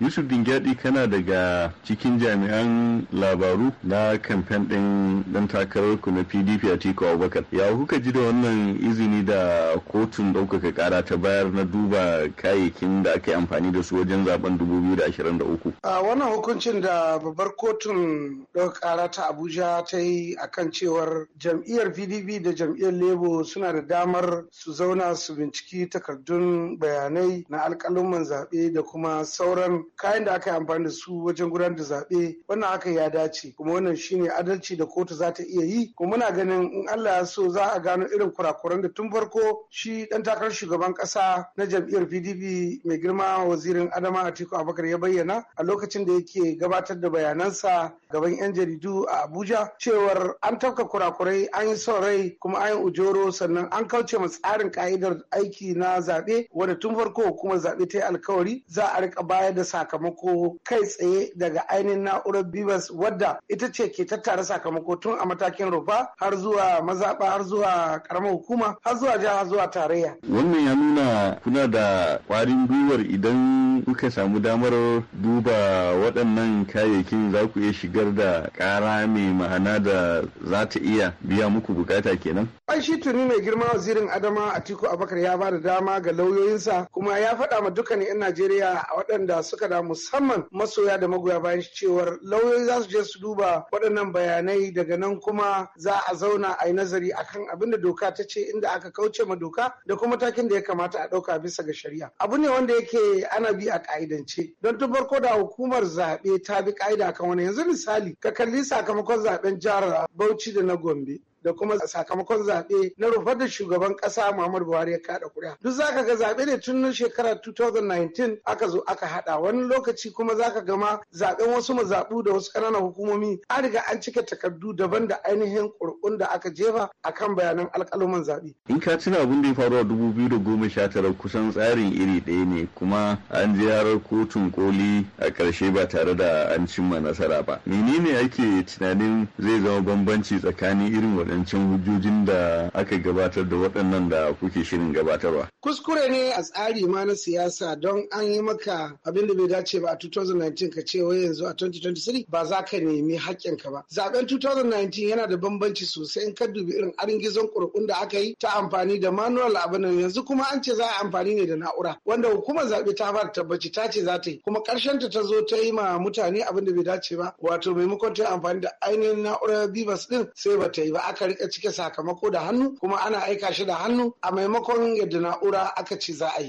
Yusuf Dingyadi kana daga cikin jami'an labaru na kamfen ɗin ɗan takararku na PDP a Tiko Abubakar. Ya kuka ji da wannan izini da kotun ɗaukaka ƙara ta bayar na duba kayayyakin da aka yi amfani da su wajen zaben 2023? A wannan hukuncin da babbar kotun ɗaukaka ƙara ta Abuja ta yi akan cewar jam'iyyar PDP da jam'iyyar Labour suna da damar su zauna su binciki takardun bayanai na alƙaluman zaɓe da kuma sauran kayan da aka yi amfani da su wajen gudanar da zaɓe wannan aka ya dace kuma wannan shine adalci da kotu za ta iya yi kuma muna ganin in Allah ya so za a gano irin kurakuran da tun farko shi dan takarar shugaban ƙasa na jam'iyyar PDP mai girma wazirin Adama Atiku Abubakar ya bayyana a lokacin da yake gabatar da bayanansa gaban 'yan jaridu a Abuja cewar an tafka kurakurai an yi son rai kuma an yi ujoro sannan an kauce ma tsarin ka'idar aiki na zaɓe wanda tun farko kuma zaɓe ta yi alkawari za a rika bayar da sakamako kai tsaye daga ainihin na'urar bibas wadda ita ce ke tattara sakamako tun a matakin rufa har zuwa mazaɓa har zuwa karamar hukuma har zuwa jiha zuwa tarayya. Wannan ya nuna kuna da ƙwarin gwiwar idan kuka samu damar duba waɗannan kayayyakin za ku iya shigar da ƙara mai ma'ana da za ta iya biya muku bukata kenan. Ai shi tuni mai girma wazirin Adama Atiku Abakar ya ba da dama ga lauyoyinsa kuma ya faɗa ma dukkan 'yan Najeriya a waɗanda suka kada musamman masoya da magoya bayan cewar lauyoyi za su je su duba waɗannan bayanai daga nan kuma za a zauna a yi nazari akan abin da doka ta ce inda aka kauce ma doka da kuma takin da ya kamata a ɗauka bisa ga shari'a abu ne wanda yake ana bi a ka'idance don tun farko da hukumar zaɓe ta bi ƙa'ida akan wani yanzu misali ka kalli sakamakon zaɓen jihar bauchi da na gombe da kuma sakamakon zaɓe na rufar da shugaban ƙasa Muhammadu Buhari ya kaɗa kuri'a. Duk zaka ga zaɓe ne tun shekarar 2019 aka zo aka haɗa wani lokaci kuma zaka ga ma zaɓen wasu mazaɓu da wasu ƙananan hukumomi an riga an cika takardu daban da ainihin ƙurƙun da aka jefa akan bayanan alƙaluman zaɓe. In ka tuna abin da ya faru a 2019 kusan tsarin iri ɗaya ne kuma an je kotun koli a ƙarshe ba tare da an cimma nasara ba. Menene ake tunanin zai zama bambanci tsakanin irin waɗannan waɗancan hujjojin da aka gabatar da waɗannan da kuke shirin gabatarwa. Kuskure ne a tsari ma na siyasa don an yi maka abin da bai dace ba a 2019 ka ce wai yanzu a 2023 ba za ka nemi haƙƙinka ba. Zaben 2019 yana da bambanci sosai in ka dubi irin aringizon ƙuri'un da aka yi ta amfani da manual abin nan yanzu kuma an ce za a amfani ne da na'ura wanda hukumar zaɓe ta fara tabbaci ta ce za ta yi kuma ƙarshenta ta ta zo ta yi ma mutane abin da bai dace ba wato maimakon ta amfani da ainihin na'urar bibas din sai ba ta yi ba aka rika cike sakamako da hannu kuma ana aika shi da hannu a maimakon yadda na'ura aka ce za a yi